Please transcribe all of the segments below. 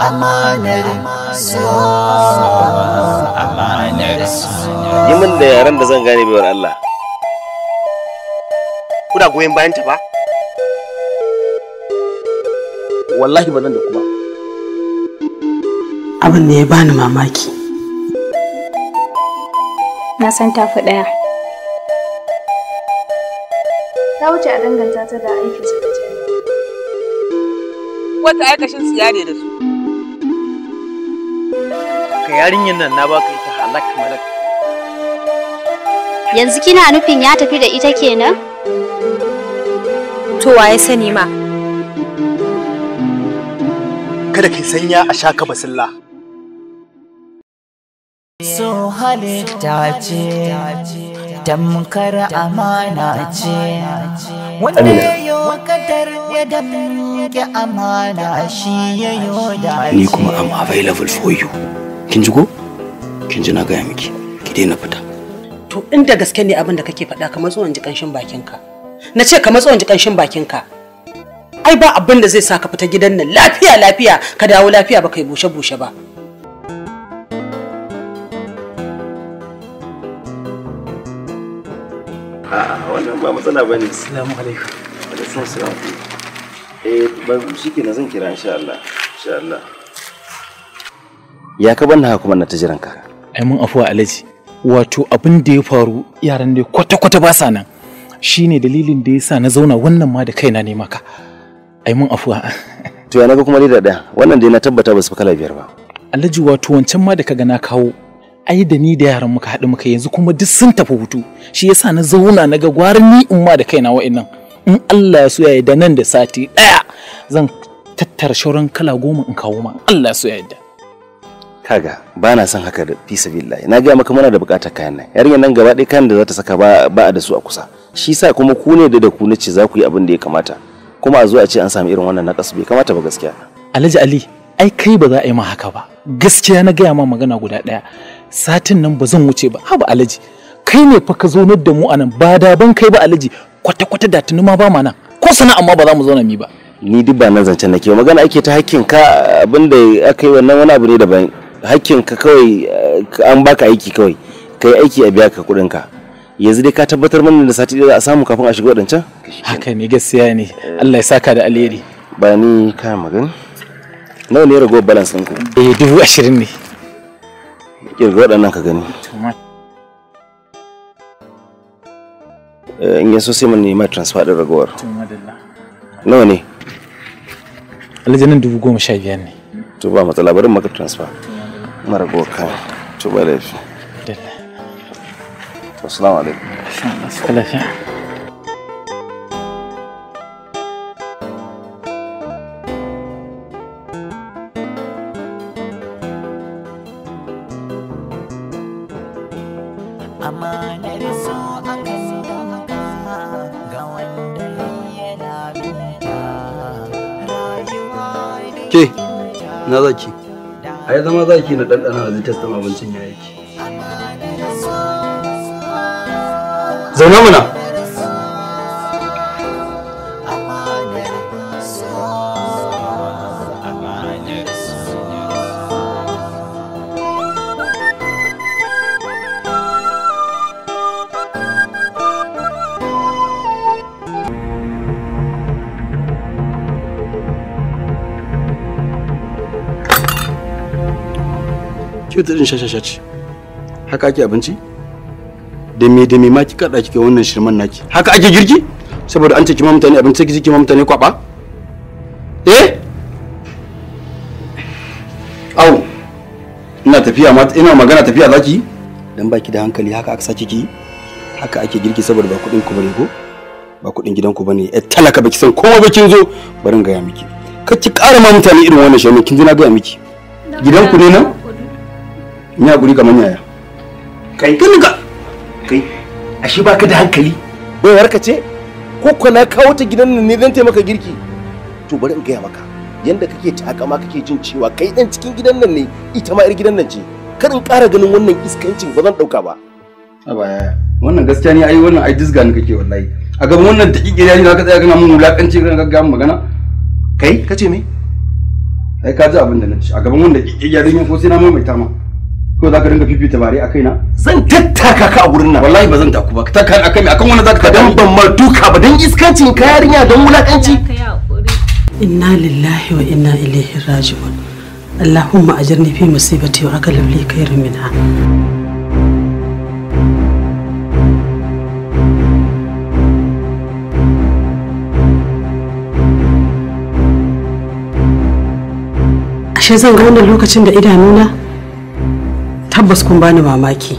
amanar amanar yi min da yaren da zan gane baiwar Allah kuna goyon bayan ta ba wallahi ba nan da kuma abin da ya bani mamaki na san tafi ɗaya ta wuce a danganta ta da aikin sakacin wata aikashin siya ne da su Ka yarinyar nan na baka ita halak malak yanzu kina nufin ya tafi da ita kenan to waye sani ma kada kai sanya a shaka basilla so halitta ce damkar amana ce wanda yau kadar ya damke amana shi ya yi ni kuma am available for you kin ji ko kin ji na gaya miki ki daina fita to inda gaske ne abin da kake faɗa ka matso ji ƙanshin bakinka na ce ka matso ji ƙanshin bakinka ai ba abin da zai sa ka fita gidan nan lafiya lafiya ka dawo lafiya ba kai bushe bushe ba a'a wannan ba matsala bane assalamu alaikum alaikum salam eh ban shi ke na zan kira insha Allah insha Allah ya ka banna kuma na ta jiran ka ai mun afuwa alaji wato abin da ya faru yaran dai kwata kwata ba sa nan shine dalilin da yasa na zauna wannan ma da kaina ne maka ai mun afuwa to ya naga kuma dai da daya wannan dai na tabbata ba su kala biyar ba alaji wato wancan ma da ka na kawo ai da ni da yaran muka haɗu muka yanzu kuma duk sun tafi hutu shi yasa na zauna na ga gwarin ni in ma da kaina wa'annan in Allah ya so ya da nan da sati daya zan tattara shauran kala goma in kawo ma Allah ya so ya yarda kaga ba na son haka da fi sabilillahi na gaya maka muna da bukatar kayan nan yarinyar nan gaba ɗaya kayan da za ta saka ba a da su a kusa shi sa kuma ku ne da da ku nace za ku yi abin da ya kamata kuma a zo a ce an samu irin wannan nakas bai kamata ba gaskiya Alhaji Ali ai kai ba za a yi ma haka ba gaskiya na gaya ma magana guda daya satin nan ba zan wuce ba haba Alhaji kai ne fa ka zonar da mu anan ba da ban kai ba Alhaji kwata-kwata da tuni ma ba ma nan ko sana'a amma ba za mu zauna mi ba ni duk ba nan zancen nake magana ake ta hakkin ka abinda aka yi wannan wani abu ne daban hakkin ka kawai eh, an baka aiki kawai kai aiki a biya ka kudin ka yanzu dai ka tabbatar mana da sati za a samu kafin a shiga wadancan haka ne gaskiya ne Allah ya saka da alheri ba ni ka magana nawa ne ragowar balance ɗinku eh dubu ashirin ne kirga waɗannan ka gani eh, in yaso sai mun nema transfer ɗin ragowar nawa ne aljanin dubu goma sha biyar ne to ba matsala bari maka transfer mara goka tuba laifi assalamu alaikum ai zama za ki na ɗanɗana a zitas abincin ya yake zauna mana Kyautar din shashasha ce. Haka ake abinci? Da me da me ma ki kada kike wannan shirman naki. Haka ake girki? Saboda an ce ki ma mutane abinci kike ki ma mutane kwaba? Eh? Au. Ina tafiya ma ina magana tafiya zaki? Dan baki da hankali haka aka saki ki? Haka ake girki saboda ba kudin ku bane ko? Ba gidan ku bane. Eh talaka baki san kowa bakin zo. Barin gaya miki. Kar ki ƙara ma mutane irin wannan shirman kin ji na gaya miki. ku ne nan? Ina guri kamar yaya. Kai. Kai ka. Kai. Ashe baka da hankali. Bai warka ce? Ko ko na kawo ta gidan nan ne zan taimaka girki? To bari in gaya maka. Yanda kake takama kake jin cewa kai dan cikin gidan nan ne ita ma 'yar gidan nan ce. Kar in ƙara ganin wannan iskancin ba zan ɗauka ba. A baya wannan gaskiya ne ai wannan ai disga ne kake wallahi. A gaban wannan taki gida ne zaka tsaya kana mun wulakanci kana gaggawa magana. Kai kace me? Ai ka ji abin da na ci a gaban wanda kike gida ne ko sai na ta ma. ko za ka dinga fifita bare a kaina zan tattaka ka a gurin nan wallahi ba zan taku ba ta kan akai akan wani zaka dan ban mar duka ba dan iskancin ka yarinya dan wulakanci inna lillahi wa inna ilaihi raji'un allahumma ajirni fi musibati wa aqlib li khairin minha ashe zan ga wannan lokacin da idanuna tabbas kun bani mamaki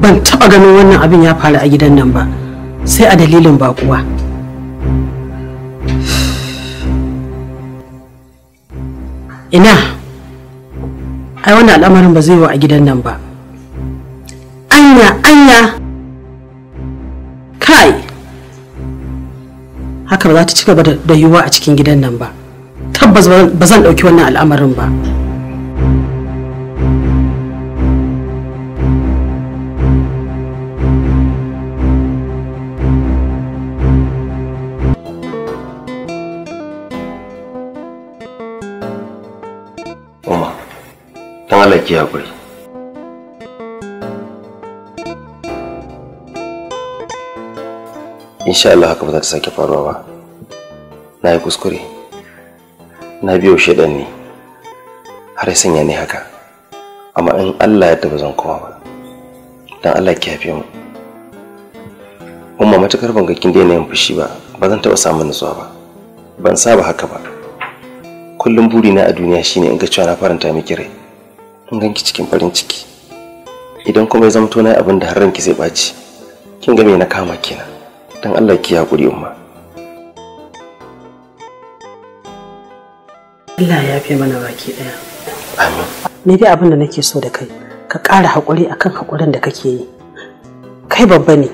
ban taɓa ganin wannan abin ya faru a gidan nan ba sai a dalilin bakuwa ina ai wannan al'amarin ba zai wa a gidan nan ba anya anya kai haka ba za ta ci gaba da yiwuwa a cikin gidan nan ba tabbas ba zan ɗauki wannan al'amarin ba. Uma, don Allah ki haƙuri. Insha Allah haka ba za ta sake faruwa ba. Na yi kuskure. Na biyo shaidan ne. Har ya sanya ni haka. Amma in Allah ya ba zan koma ba. Don Allah ki haife mu. Umma matukar ban ga kin daina yin fushi ba, ba zan taɓa samun nutsuwa ba. Ban saba haka ba. kullum burina a duniya shine in ga cewa na faranta miki rai in ganki cikin farin ciki idan kuma ya zamto na abin da har ranki zai baci kin ga me na kama kina, dan Allah ki hakuri umma Allah ya fi mana baki daya amin ni dai abin da nake so da kai ka ƙara hakuri akan hakurin da kake yi kai babba ne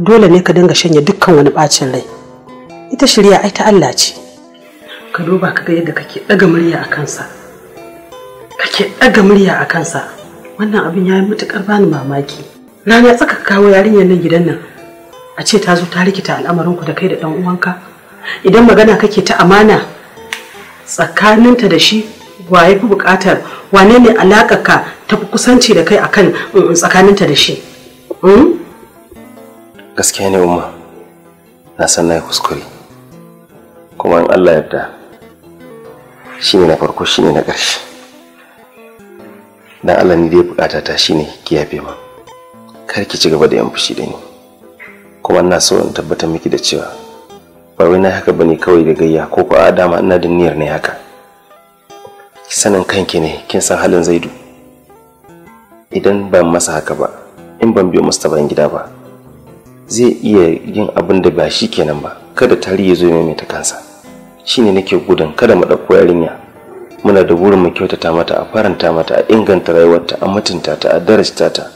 dole ne ka dinga shanye dukkan wani bacin rai ita shirya ai ta Allah ce ka duba ka ga yadda kake ɗaga murya a kansa kake ɗaga murya a kansa wannan abin ya yi matukar bani mamaki rana tsaka kawo yarinyar nan gidan nan a ce ta zo ta rikita al'amarinku da kai da ɗan uwanka idan magana kake ta amana tsakaninta da shi wa ya fi buƙatar wane ne ka ta fi kusanci da kai akan um, um, tsakaninta da shi hmm? gaskiya ne umma na san na kuskure kuma in allah yarda shine na farko shine na ƙarshe dan Allah ni dai bukata ta shine ki yafe ma kar ki ci gaba da yan fushi da ni kuma ina so in tabbatar miki da cewa ba wai na haka bane kawai da gayya ko ko a dama ina da niyyar ne haka sanin kanki ne kin san halin zaidu idan ban masa haka ba in ban biyo mustapha gida ba zai iya yin abin da ba shi kenan ba kada tarihi zo ya maimaita kansa shine nake gudun kada mu ɗauko yarinya muna da burin mu kyautata mata a faranta mata a inganta rayuwarta a mutunta ta a darasta ta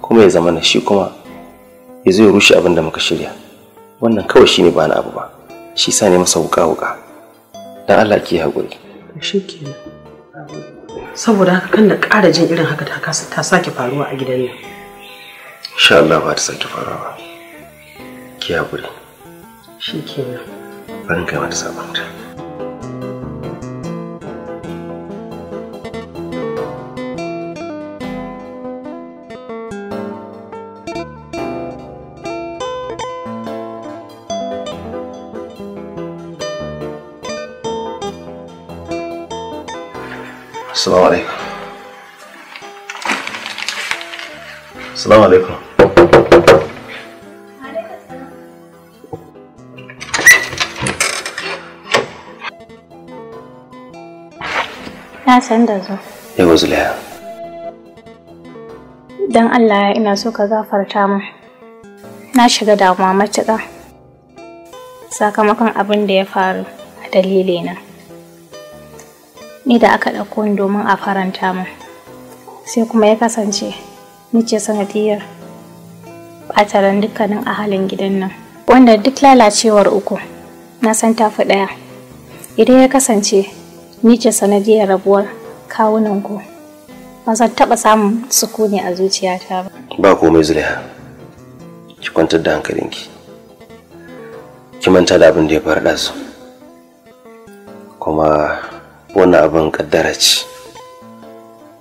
kuma ya zama na shi kuma ya zo ya rushe abin da muka shirya wannan kawai shine ba na abu ba shi sa ne masa wuka wuka dan Allah ki haƙuri shikenan saboda haka kan da ƙara jin irin haka ta kasa ta sake faruwa a gidan nan insha Allah ba ta sake faruwa ki haƙuri shikenan Run cover servant. Assalamu alaikum. Assalamu alaikum. Zulaiha san da zo. Don Allah ina so ka gafarta min. Na shiga damuwa matuƙa. Sakamakon abin da ya faru a dalilina. Ni da aka ɗauko ni domin a faranta min. Sai kuma ya kasance ni ce sanadiyar ɓataren dukkanin a halin gidan nan. Wanda duk lalacewar uku na san tafi ɗaya. Idan ya kasance ni ce sanadiyar rabuwar kawunanku ba zan taɓa samun sukuni a zuciyata ba ba komai zulaiha ki kwantar da hankalinki ki manta da abin da ya faru su kuma wannan abin kaddara ce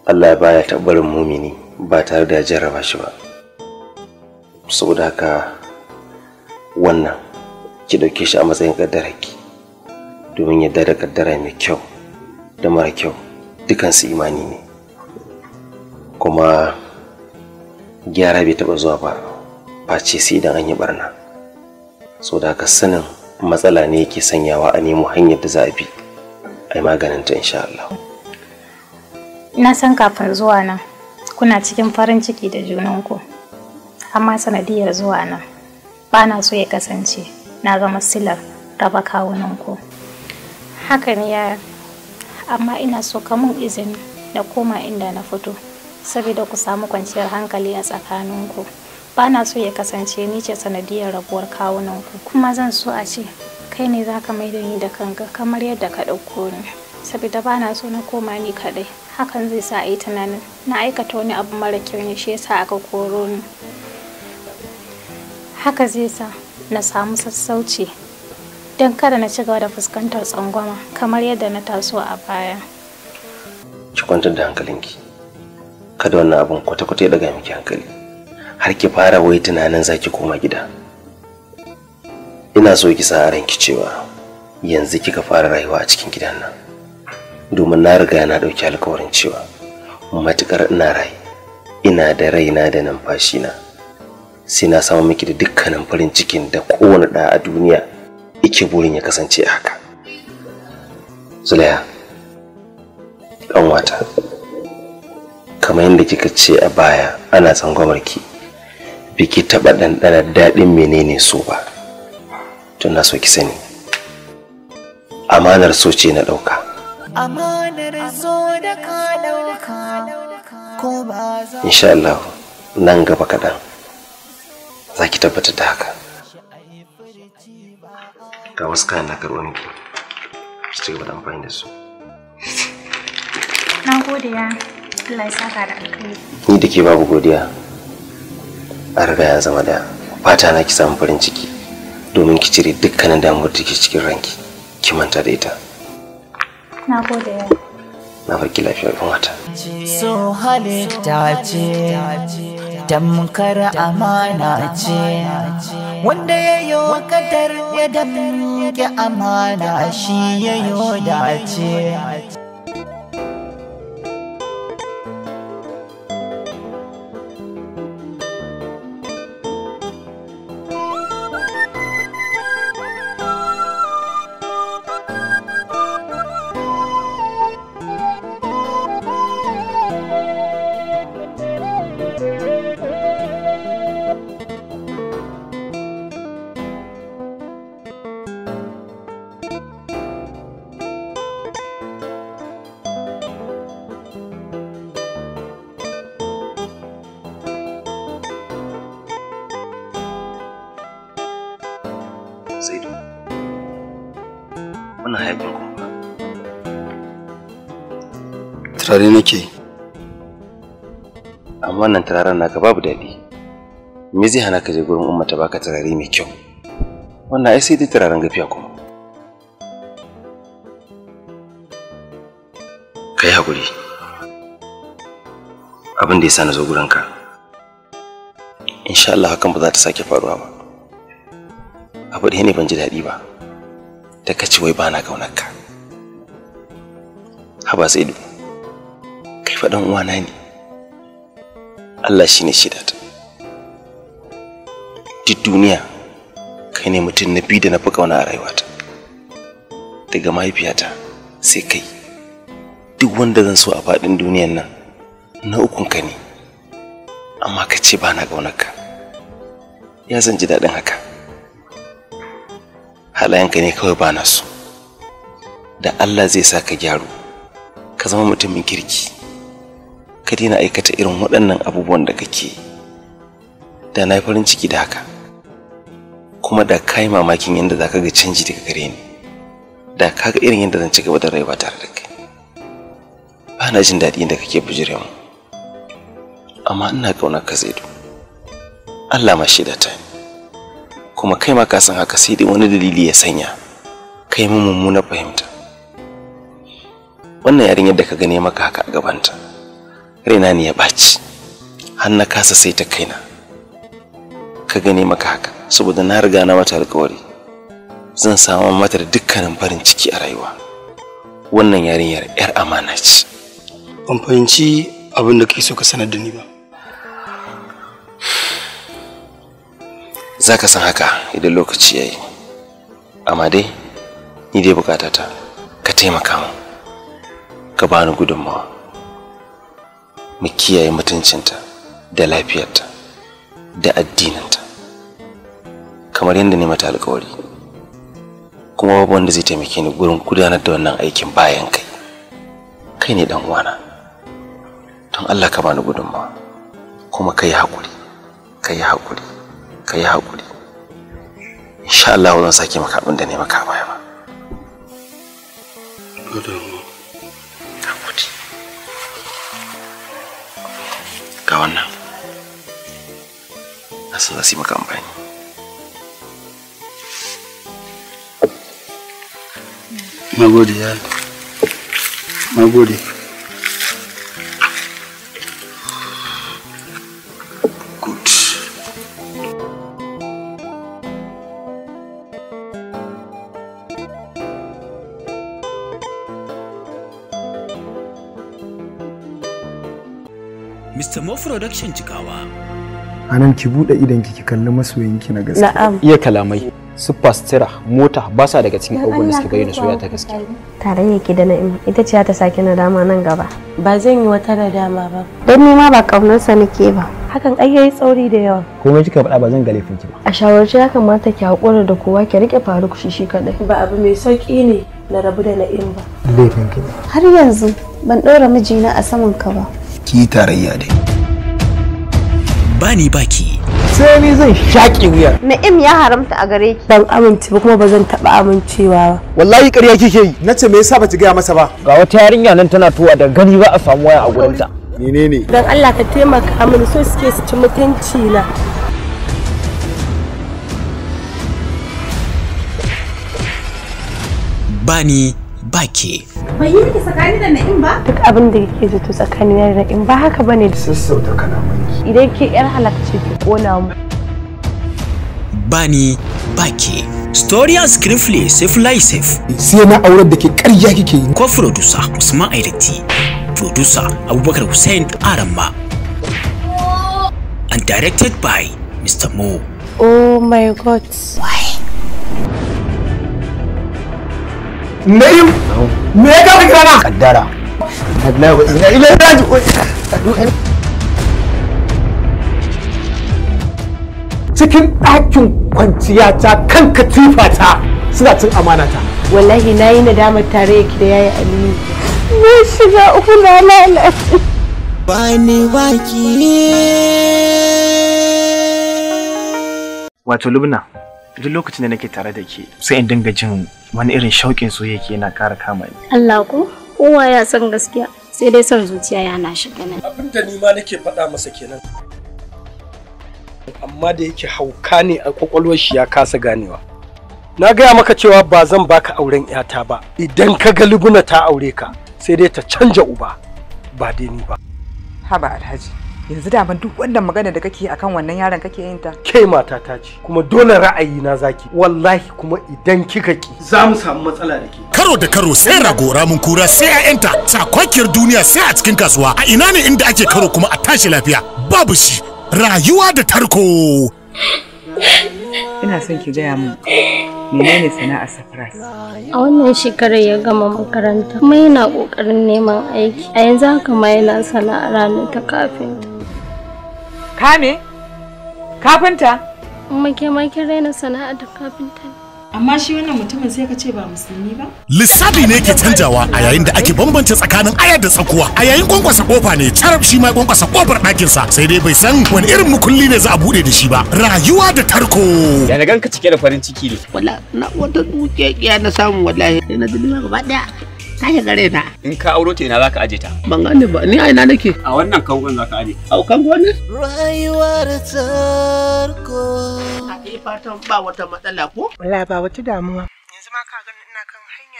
Allah ya baya tabbarin mumini ba tare da jarraba shi ba saboda haka wannan ki ɗauke shi a matsayin kaddararki domin yadda da kaddara mai kyau da mara kyau dukansu imani ne kuma gyara bai taɓa zuwa ba face sai idan an yi barna so da haka sanin matsala ne yake sanyawa a nemo hanyar da za a bi a yi maganinta insha Allah. na san kafin zuwa nan kuna cikin farin ciki da junanku amma sanadiyar zuwa nan ba na so ya kasance na zama silar raba kawunanku haka ne ya amma ina so ka mun izini na koma inda na fito saboda ku samu kwanciyar hankali a tsakaninku ba na so ya kasance ni ce sanadiyar rabuwar kawunanku kuma zan so a ce kai ne za ka mai da ni da kanka kamar yadda ka ɗauko ni saboda ba na so na koma ni kaɗai hakan zai sa a yi tunanin na aikata wani abu mara kyau ne shi yasa aka koro ni haka zai sa na samu sassauci don kada na cigaba da fuskantar tsangwama kamar yadda na taso a baya. Ki kwantar da hankalinki, kada wannan abin kwata-kwata ya daga miki hankali, har ki fara wai tunanin za ki koma gida. Ina so ki sa ranki cewa yanzu kika fara rayuwa a cikin gidan nan, domin na riga na ɗauki alkawarin cewa matukar ina rai, ina da raina da numfashina. sai na samu miki da dukkanin farin cikin da kowane ɗa a duniya yake burin ya kasance haka zulaiha ƙanwata kamar yadda kika ce a baya ana tsangwamarki biki taɓa ɗanɗanar daɗin menene so ba tun na so ki sani amanar so ce na ɗauka amanar zo da ka ɗauka ko ba za insha Allah nan gaba kaɗan za ki tabbatar da haka ga wasu kayan na karɓo miki su ci gaba da amfani da su na gode ya Allah ya saka da alkhairi ni da ke babu godiya a riga ya zama da fata na ki samu farin ciki domin ki cire dukkanin damuwar da ke cikin ranki ki manta da ita na gode ya na farki lafiyar wata so halitta ce tamkar amana ce wanda ya yi wakadar ya damke amana shi ya yi dace tare nake amma nan turaren naka babu daɗi me zai hana ka je gurin umma ta baka turare mai kyau wannan ai sai dai turaren gafiya kuma kai hakuri abin da ya sa na zo gurinka insha Allah hakan ba za ta sake faruwa ba abu da ne ban ji daɗi ba ta kace wai bana kaunar ka haba sai faɗan uwana ne Allah shine ta duk duniya kai ne mutum na bi da na fi ƙauna a rayuwata daga mahaifiyata sai kai duk wanda zan so a faɗin duniyan nan na ukun ka ne amma ka ce ba na ƙaunarka ya zan ji daɗin haka halayenka ne kawai ba na so da Allah zai sa ka gyaru ka zama mutumin kirki ka na aikata irin waɗannan abubuwan da kake da na farin ciki da haka kuma da ka yi mamakin yadda za ka ga canji daga gare ni da ka ga irin yadda zan ci gaba da rayuwa tare da kai ba na jin daɗi da kake bijire mu amma ina ƙaunar ka zaidu Allah ma shaida ta kuma kai ma ka san haka sai dai wani dalili ya sanya kai mu mummunar fahimta wannan yarinyar da ka gane maka haka a gabanta raina ne ya ɓaci har na kasa sai ta kaina ka gani maka haka saboda na riga na mata alkawari zan samu mata da dukkanin farin ciki a rayuwa wannan yarinyar yar amana ce ban fahimci abin da kai so ka sanar da ni ba za san haka idan lokaci ya yi amma dai ni dai bukatata ka taimaka mu ka bani gudunmawa mu kiyaye mutuncinta da lafiyarta da addininta kamar yadda ne mata alkawari kuma babu wanda zai taimake ni gurin gudanar da wannan aikin bayan kai kai ne dan uwana don Allah ka bani gudunmawa kuma kai hakuri kai hakuri kai hakuri insha Allah zan sake maka abin da ne maka baya ba ga wannan na san za su yi maka amfani na Production cikawa. Anan ki buɗe idan ki kalli masoyinki na gaske. Na'am. Iya kalamai. Su mota ba sa daga cikin abubuwan da suke bayyana soyayya ta gaske. Tarayya ki da na'im ita ce ta na dama nan gaba. Ba zan yi wata na dama ba. Don ni ma ba kaunarsa nake ba. Hakan ai yayi tsauri da yawa. Komai kika faɗa ba zan ga laifin ki ba. A shawarce ya kamata ki haƙura da kowa ki rike faru shi shi kaɗai. Ba abu mai sauƙi ne na rabu da na'im ba. Laifin ki. Har yanzu ban ɗora mijina a saman ka ba. Ki tarayya dai. bani baki sai ni zan shaƙe wuya na'im ya haramta a gare ki ban amince ba kuma ba zan taɓa amincewa ba wallahi ƙarya kike yi nace me yasa ki gaya masa ba ga wata yarinya nan tana tuwa da gani ba a samu waya a gurinta menene dan Allah ka taimaka mini so suke su ci mutunci na bani baki bai yi tsakani da na'im ba duk abin da kake zato tsakanin da na'im ba haka bane sassauta kalaman idan ke yar halakci bani baki Storia Scriptly Safe Life Safe. Sai na aurar da ke ƙarya kike yi. Ko producer Usman Aidati. Producer Abubakar Hussein Aramba. And directed by Mr. Mo. Oh my god. Why? Naim! Me ya gaba kirana? Kaddara. Allah wa ina ila raji'un. cikin ɗakin kwanciya ta kan katifata ta suna cin amana ta wallahi na yi nadamar tare yake da yayi aliyu na shiga uku na lalace Wani wato lubna duk lokacin da nake tare da ke sai in dinga jin wani irin shauƙin soyayya ke yana ƙara kama ni Allah ko kowa ya san gaskiya sai dai son zuciya yana shiga nan abin da ni ma nake faɗa masa kenan amma da yake hauka ne a kwakwalwar shi ya kasa ganewa na gaya maka cewa ba zan baka auren yata ba idan ka ga libuna ta aure ka sai dai ta canja uba ba dai ba haba alhaji yanzu da duk wannan magana da kake akan wannan yaron kake yin ta ke mata ta ce kuma dole ra'ayi na zaki wallahi kuma idan kika ki za mu samu matsala da ke karo da karo sai ragora mun kura sai a yanta sakwakiyar duniya sai a cikin kasuwa a ina ne inda ake karo kuma a tashi lafiya babu shi rayuwa da tarko. Ina son ki gaya mu menene sana'a Safras? A wannan shekarar ya gama makaranta kuma yana ƙoƙarin neman aiki. A yanzu haka ma yana sana'a ranar ta kafinta. Kame? Kafinta? Kuma ke ma raina sana'a ta kafinta ne. amma shi wannan mutumin sai ka ce ba musulmi ba lissafi ne ke canjawa a yayin da ake bambance tsakanin aya da tsakuwa a yayin kwankwasa kofa ne carab shi ma kwankwasa kofar ɗakin sa sai dai bai san wani irin mukulli ne za a bude da shi ba rayuwa da tarko ya na ganka cike da farin ciki ne wala na wata dukiya na samu wallahi na dubi gaba daya sake gare na. In ka auro te na zaka ka aje ta. Ban gane ba ni a ina nake. A wannan kangon zaka ka aje. Au kangon ne? Rayuwar tarko. A fatan ba wata matsala ko? Wala ba wata damuwa. Yanzu ma ka gani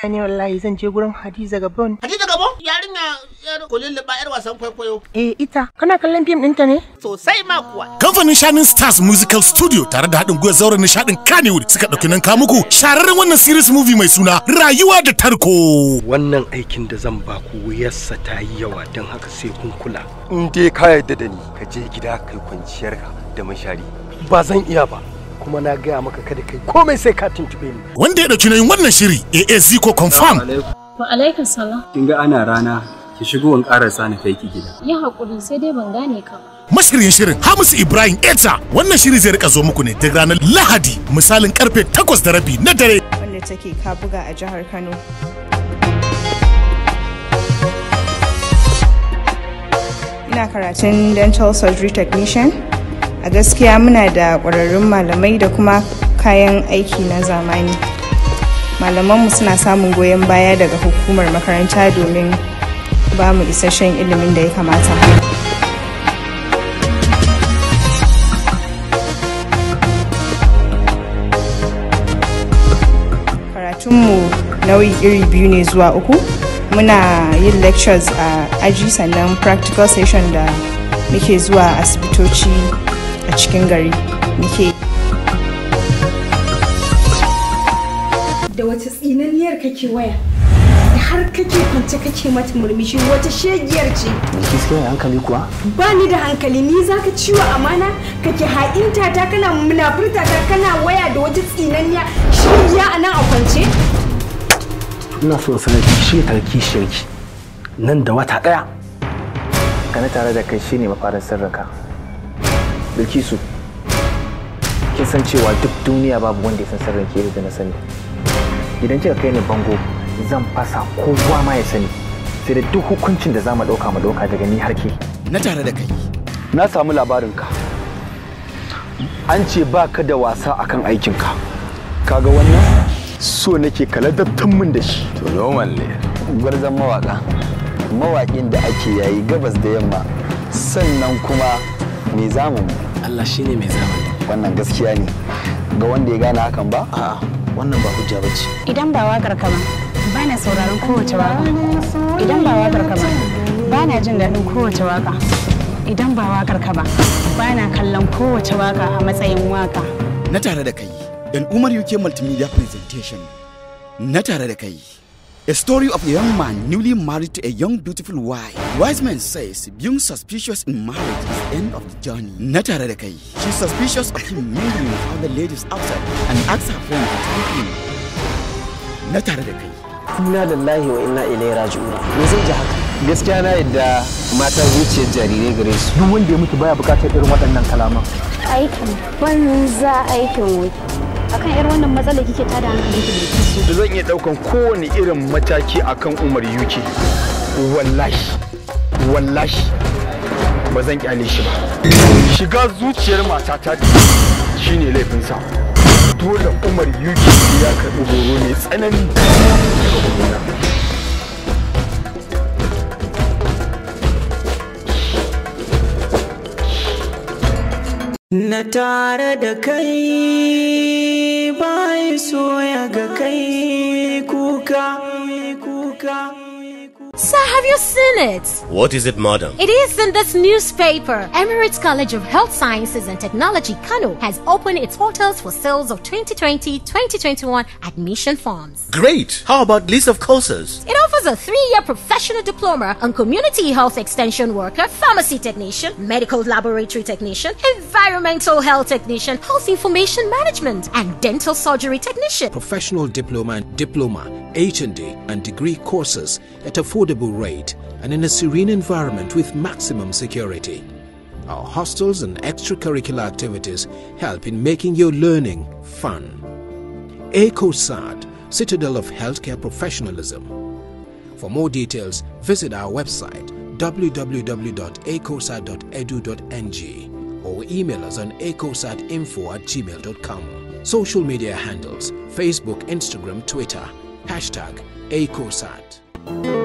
kai ne wallahi zan je gurin Hadiza Gabon. Hadiza Gabon? Yarinya yar ba yar wasan kwaikwayo. Eh ita, kana kallon fim ɗinta ne? Sosai ma kuwa. Kamfanin Shining Stars Musical Studio tare da haɗin gwiwar zauren nishaɗin kanewood suka ɗauki nan muku shararren wannan series movie mai suna Rayuwa da Tarko. Wannan aikin da zan ba ku wuyarsa ta yi yawa don haka sai kun kula. In dai ka yarda da ni ka je gida kai kwanciyarka da mashari. Ba zan iya ba. kuma na gaya maka kada kai komai sai ka tuntube ni wanda ya dauki nayin wannan shiri AAC ko confirm wa alaikum salam kin ga ana rana ki shigo in karasa ni kai ki gida ya hakuri sai dai ban gane ka mashirin Mashiryin shirin Hamisu Ibrahim Eta wannan shiri zai rika zo muku ne duk ranar Lahadi misalin karfe 8 da rabi na dare. Wanda take ka buga a jihar Kano. Ina karatun dental surgery technician. a gaskiya muna da ƙwararrun malamai da kuma kayan aiki na zamani malamanmu suna samun goyon baya daga hukumar makaranta domin ba mu isasshen ilimin da ya kamata karatunmu nau'i iri biyu ne zuwa uku muna yin lectures a aji sannan practical session da muke zuwa asibitoci a cikin gari muke da wata tsinaniyar kake waya da har kake kwance kake mata murmushi wata shegiyar ce gaskiya da hankali kuwa ba ni da hankali ni zaka ciwo amana kake ha'inta ta kana munafurta ta kana waya da wata tsinaniya shegiya a nan a kwance ina so sanar ki shi tarki shirki nan da wata daya kana tare da kai shine mafarin sirrinka bilkisu su kin san cewa duk duniya babu wanda ya san sirrin ke da na sani idan kika kai ni bango zan fasa kowa ma ya sani sai da duk hukuncin da za mu ɗauka mu ɗauka daga ni har ke na tare da kai na samu labarin ka an ce ba ka da wasa akan aikin ka kaga wannan so nake kala dattan min da shi to normal ne gwarzan mawaka mawaƙin da ake yayi gabas da yamma sannan kuma me zamu mu Allah shine mai zama. wannan gaskiya ne ga wanda ya gane hakan ba a'a wannan ba hujja bace idan ba wakar ka ba na sauraron kowace waka idan ba wakar ka ba na jin daɗin kowace waka idan ba wakar ka ba na kallon kowace waka a matsayin waka na tare da kai dan Umar UK Multimedia Presentation na tare da kai A story of a young man newly married to a young beautiful wife. Wise man says being suspicious in marriage is the end of the journey. Na tare da kai. She's suspicious of him meeting with other ladies outside and asks her friend to take him. Na tare da kai. Inna lillahi wa inna ilai raji'un. Me zai ji haka? Gaskiya na yadda mata zuciyar jarirai gare su. Duk wanda ya mutu baya bukatar irin waɗannan kalaman. Aikin banza aikin wuta. akan irin wannan matsala kike tada hankali ki zan iya daukan kowane irin mataki akan Umar UK wallahi wallahi ba zan kyale shi ba shiga zuciyar matata shine sa, dole Umar UK ya karbi horo mai tsanani daga gwamnati na tare da kai bai soya ga kai kuka kuka Sir, have you seen it? What is it, madam? It is in this newspaper. Emirates College of Health Sciences and Technology, Kano, has opened its portals for sales of 2020-2021 admission forms. Great! How about list of courses? It offers a three-year professional diploma on community health extension worker, pharmacy technician, medical laboratory technician, environmental health technician, health information management, and dental surgery technician. Professional diploma and diploma, HND, and degree courses at affordable affordable rate and in a serene environment with maximum security. Our hostels and extracurricular activities help in making your learning fun. ACOSAD, Citadel of Healthcare Professionalism. For more details, visit our website www.acosad.edu.ng or email us on acosadinfo at gmail.com. Social media handles Facebook, Instagram, Twitter, hashtag ACOSAD.